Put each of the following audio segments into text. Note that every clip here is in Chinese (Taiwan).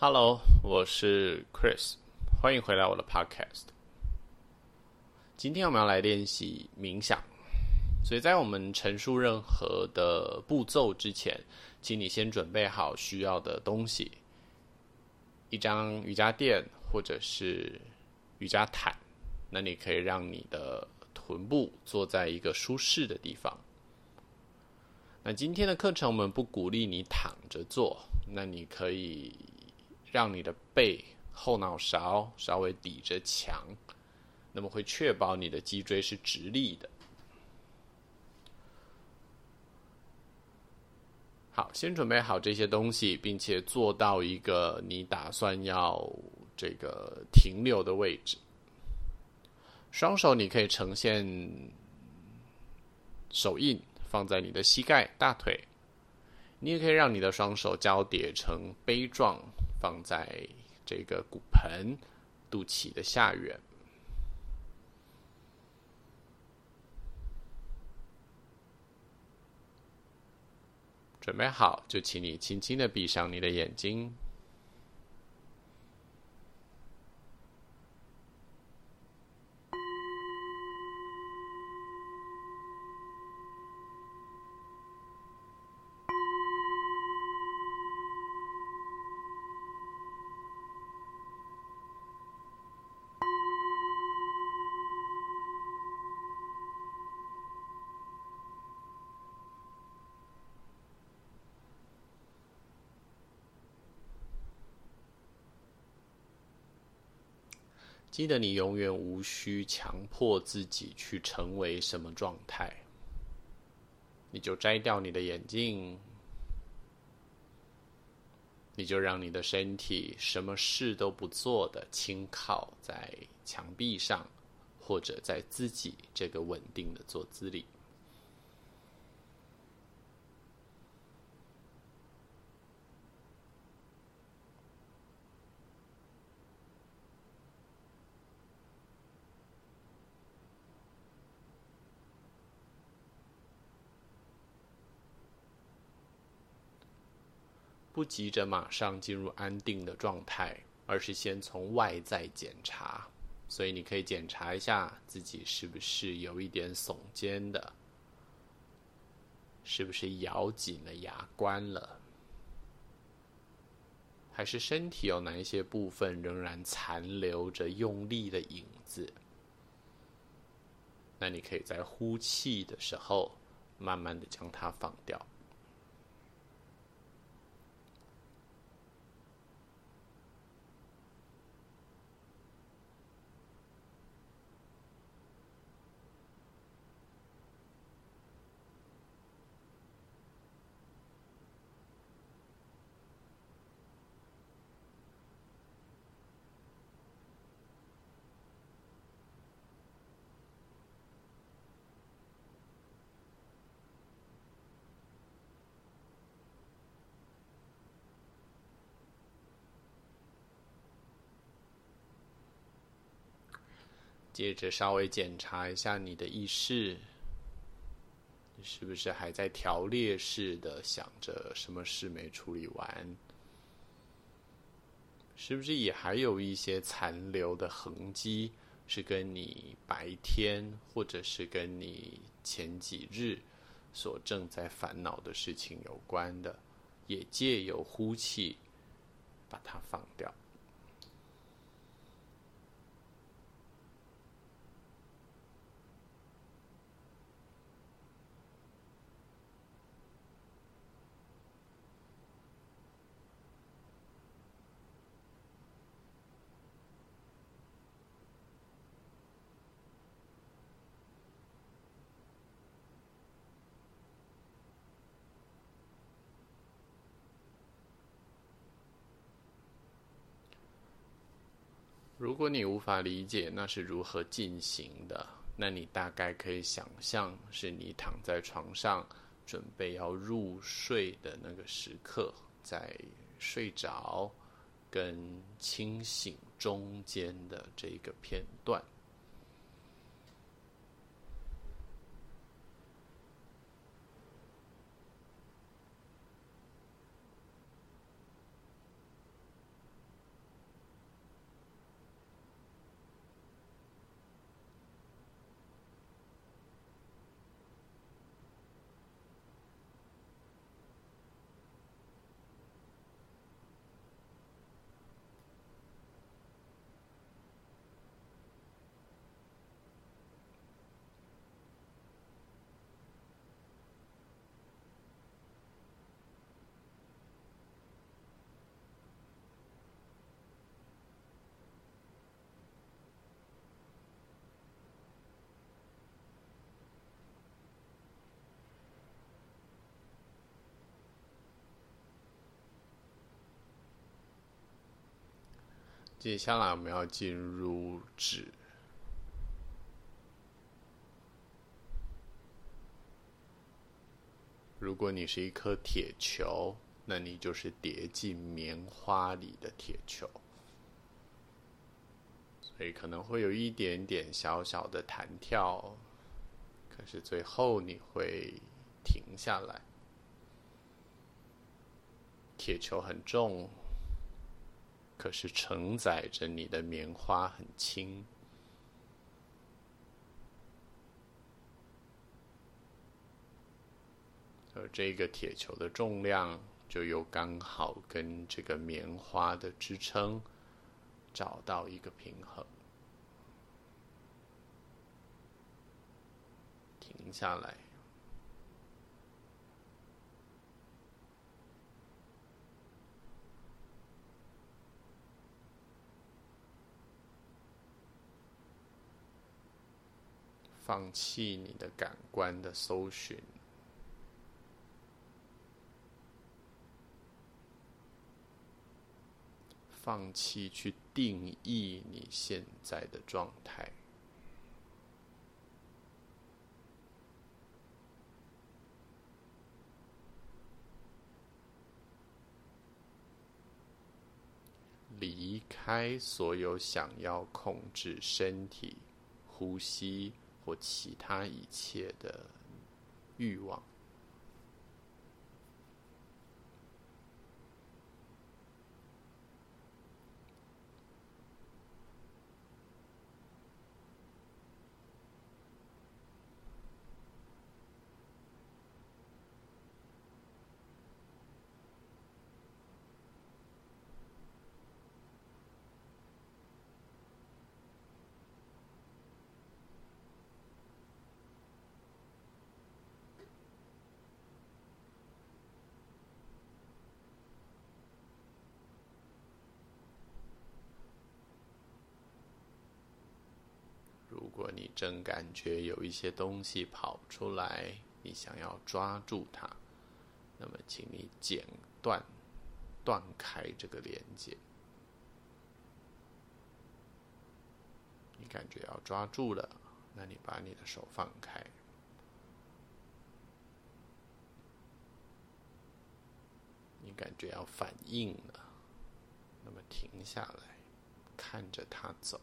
Hello，我是 Chris，歡迎回到我的 Podcast。今天我們要來練習冥想，所以在我們陳述任何的步驟之前，請你先準備好需要的東西，一張瑜伽墊或者是瑜伽毯。那你可以讓你的臀部坐在一個舒適的地方。那今天的課程我們不鼓勵你躺着做，那你可以。讓你的背後腦勺稍微抵着牆，那麼會確保你的脊椎是直立的。好，先準備好這些東西，並且做到一個你打算要這個停留的位置。雙手你可以呈現手印放在你的膝蓋、大腿，你也可以讓你的雙手交疊成杯狀。放在這個骨盆肚臍的下緣，準備好，就請你輕輕的閉上你的眼睛。記得，你永遠無需強迫自己去成為什麼狀態。你就摘掉你的眼鏡，你就讓你的身體什麼事都不做的輕靠在牆壁上，或者在自己這個穩定的坐姿裡。不急着馬上進入安定的狀態，而是先從外在檢查。所以你可以檢查一下自己是不是有一點聳肩的，是不是咬緊了牙關了，還是身體有哪一些部分仍然殘留着用力的影子？那你可以在呼氣的時候，慢慢的將它放掉。接着稍微檢查一下你的意識，你是不是還在條列式的想着什麼事沒處理完？是不是也還有一些殘留的痕跡，是跟你白天或者是跟你前幾日所正在煩惱的事情有關的，也借由呼氣把它放掉。如果你無法理解那是如何進行的，那你大概可以想象，是你躺在床上準備要入睡的那個時刻，在睡着跟清醒中間的這個片段。接下來我們要進入止。如果你是一顆鐵球，那你就是跌進棉花裡的鐵球，所以可能會有一點點小小的彈跳，可是最後你會停下來。鐵球很重。可是承載着你的棉花很輕，而這個鐵球的重量就又剛好跟這個棉花的支撐找到一個平衡，停下來。放棄你的感官的搜尋，放棄去定義你現在的狀態，離開所有想要控制身體、呼吸，或其他一切的欲望。如果你真感覺有一些東西跑出來，你想要抓住它，那麼請你剪斷、斷開這個連接。你感覺要抓住了，那你把你的手放開。你感覺要反應了，那麼停下來，看着它走。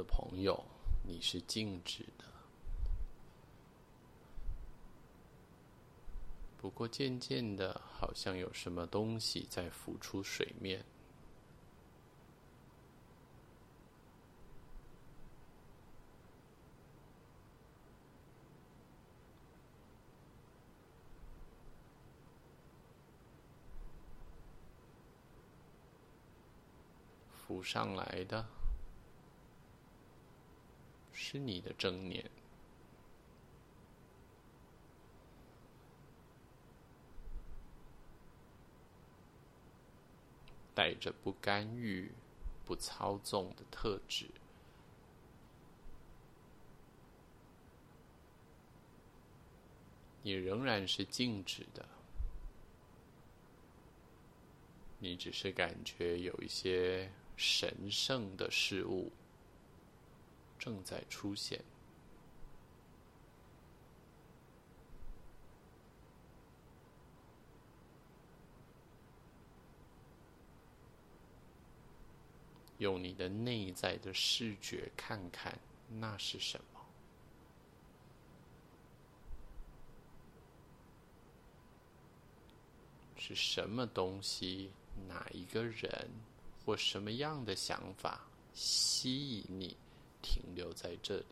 的朋友，你是靜止的。不過漸漸的，好像有什麼東西在浮出水面，浮上來的。是你的正念，帶着不干預、不操縱的特質，你仍然是靜止的。你只是感覺有一些神聖的事物。正在出現。用你的內在的視覺看看，那是什麼？是什麼東西？哪一個人，或什麼樣的想法吸引你？停留在這裡，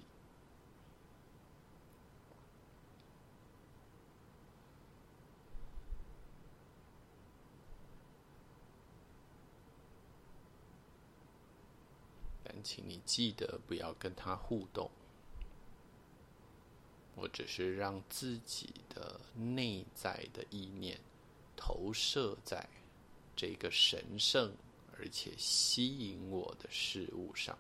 但請你記得不要跟他互動。我只是讓自己的內在的意念投射在這個神聖而且吸引我的事物上。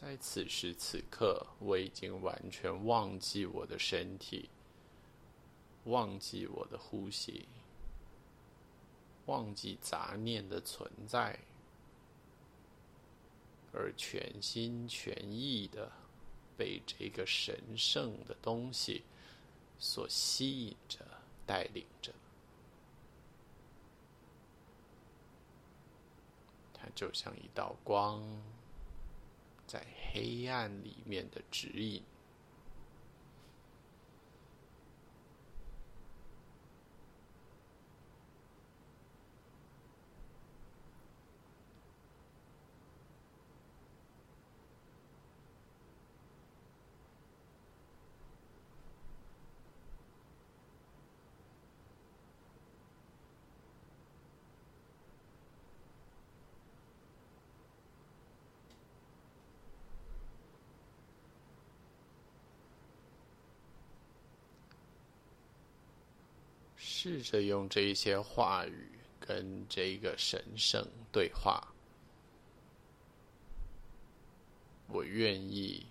在此時此刻，我已經完全忘記我的身體，忘記我的呼吸，忘記雜念的存在，而全心全意的被這個神聖的東西所吸引着、帶領着。它就像一道光。在黑暗裡面的指引。試着用這一些話語跟這個神聖對話。我願意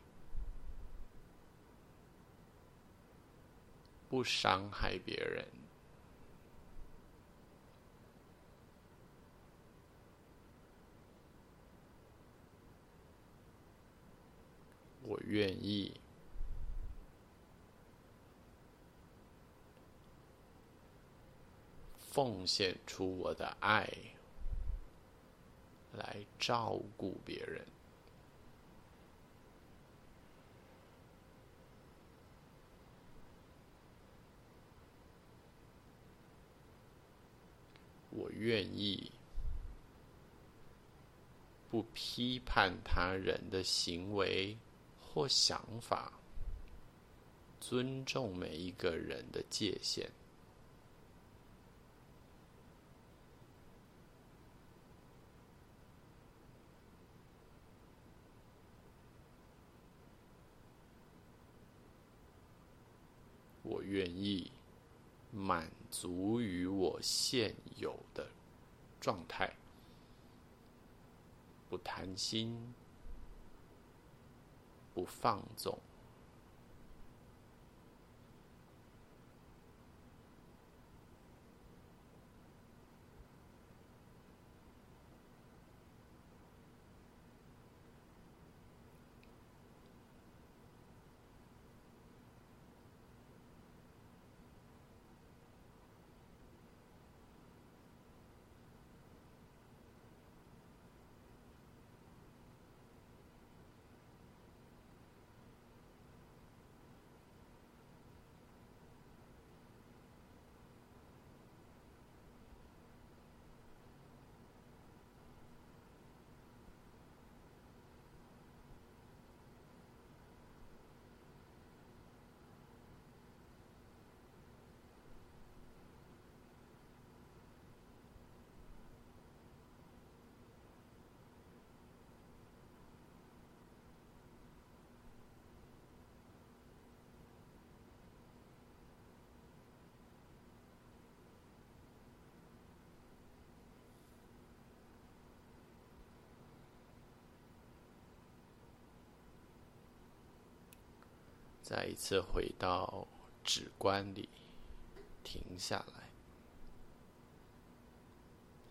不傷害別人。我願意。奉獻出我的愛，來照顧別人。我願意不批判他人的行為或想法，尊重每一個人的界限。我願意滿足於我現有的狀態，不貪心，不放縱。再一次回到止觀裡，停下來。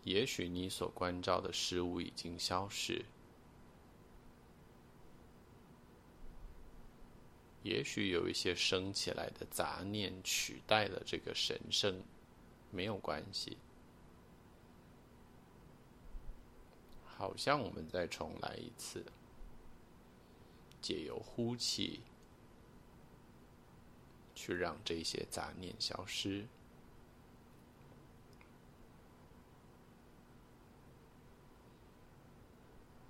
也許你所關照的事物已經消失，也許有一些生起來的雜念取代了這個神聖，沒有關係。好像我們再重來一次，借由呼氣。去讓這些雜念消失，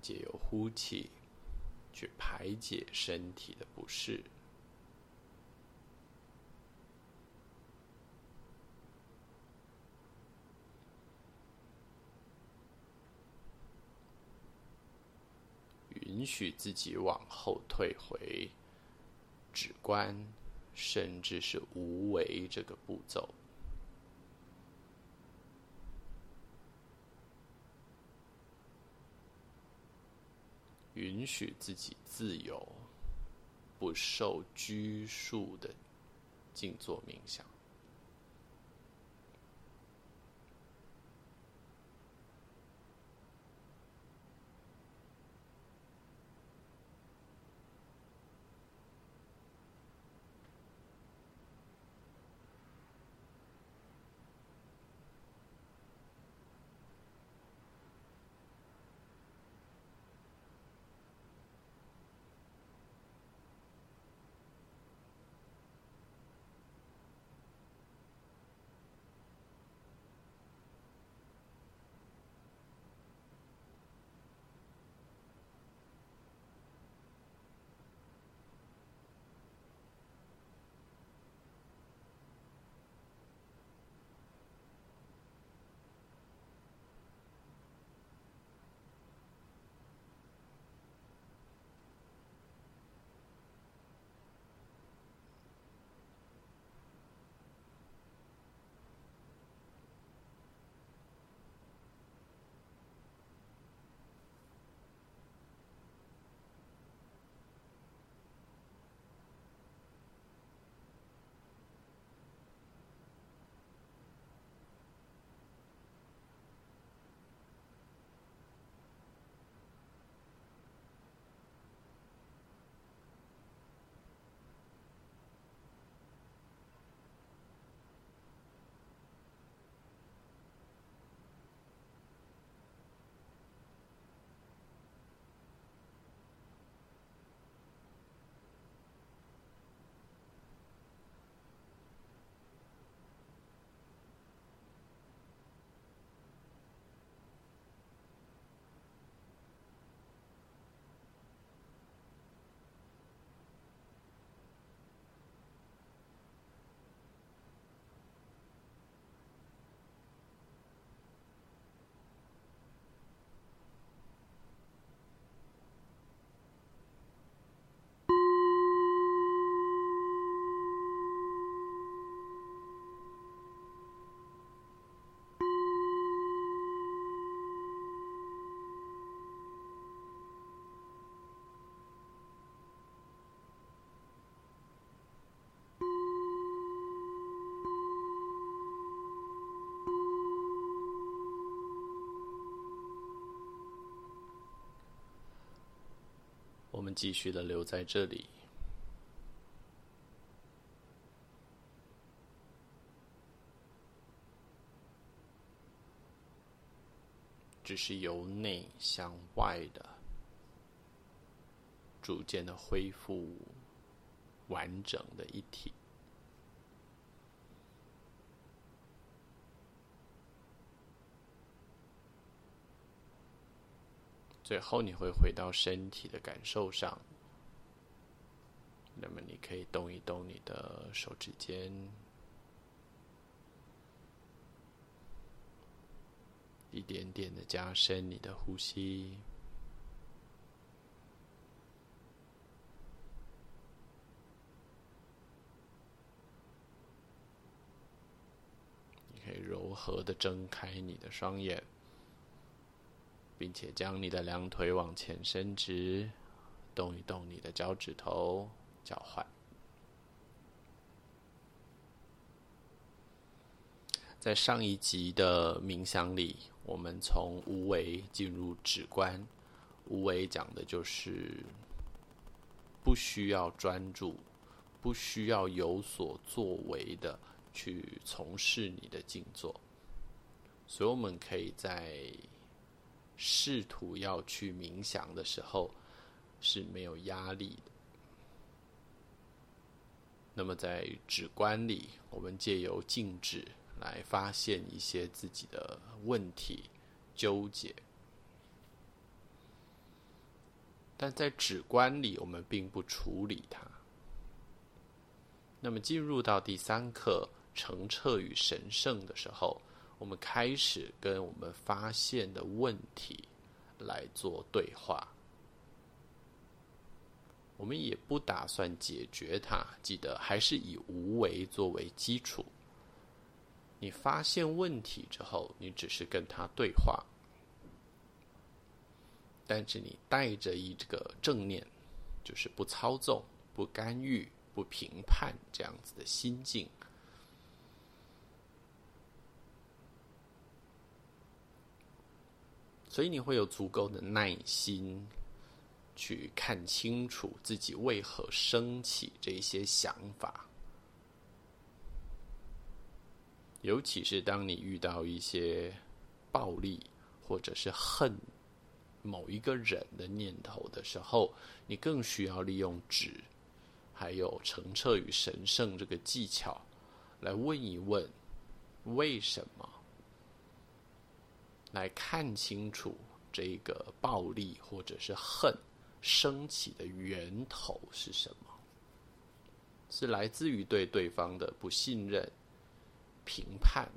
借由呼氣去排解身體的不適，允許自己往後退回，止觀。甚至是無為這個步驟，允許自己自由、不受拘束的靜坐冥想。我們繼續的留在這裡，只是由內向外的，逐漸的恢復完整的一體。最後，你會回到身體的感受上。那麼，你可以動一動你的手指尖，一點點的加深你的呼吸。你可以柔和的睜開你的雙眼。並且將你的兩腿往前伸直，動一動你的腳趾頭、腳踝。在上一集的冥想裡，我們從無為進入止觀。無為講的就是不需要專注、不需要有所作為的去從事你的靜坐，所以我們可以在。試圖要去冥想的時候是沒有壓力的。那麼在止觀裡，我們借由靜止來發現一些自己的問題、糾結，但在止觀裡我們並不處理它。那麼進入到第三課澄澈與神聖的時候。我們開始跟我們發現的問題來做對話，我們也不打算解決它。記得還是以無為作為基礎。你發現問題之後，你只是跟它對話，但是你帶着一這個正念，就是不操縱、不干預、不評判這樣子的心境。所以你會有足夠的耐心，去看清楚自己為何升起這些想法，尤其是當你遇到一些暴力或者是恨某一個人的念頭的時候，你更需要利用止，還有澄澈與神聖這個技巧，來問一問為什麼。來看清楚這個暴力或者是恨升起的源頭是什麼，是來自於對對方的不信任、評判，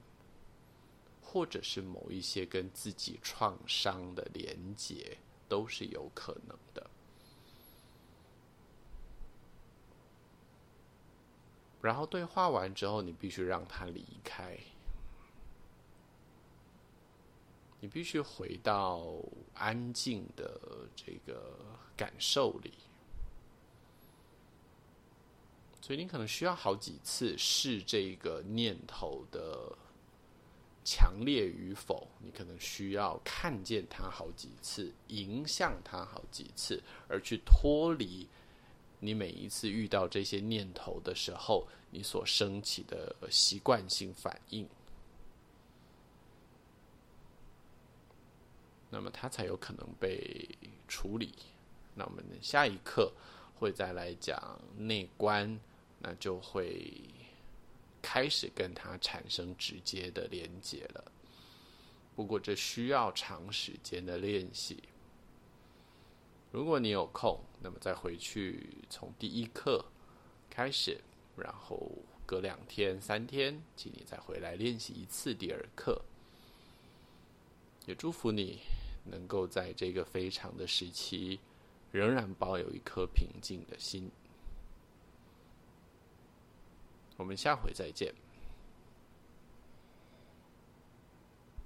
或者是某一些跟自己創傷的連接，都是有可能的。然後對話完之後，你必須讓他離開。你必須回到安靜的這個感受裡，所以你可能需要好幾次試這個念頭的強烈與否。你可能需要看見它好幾次，迎向它好幾次，而去脫離你每一次遇到這些念頭的時候，你所升起的習慣性反應。那麼它才有可能被處理。那我們下一課會再來講內觀，那就會開始跟它產生直接的連接了。不過這需要長時間的練習。如果你有空，那麼再回去從第一課開始，然後隔兩天、三天，請你再回來練習一次第二課。也祝福你。能夠在這個非常的時期，仍然保有一顆平靜的心。我們下回再見。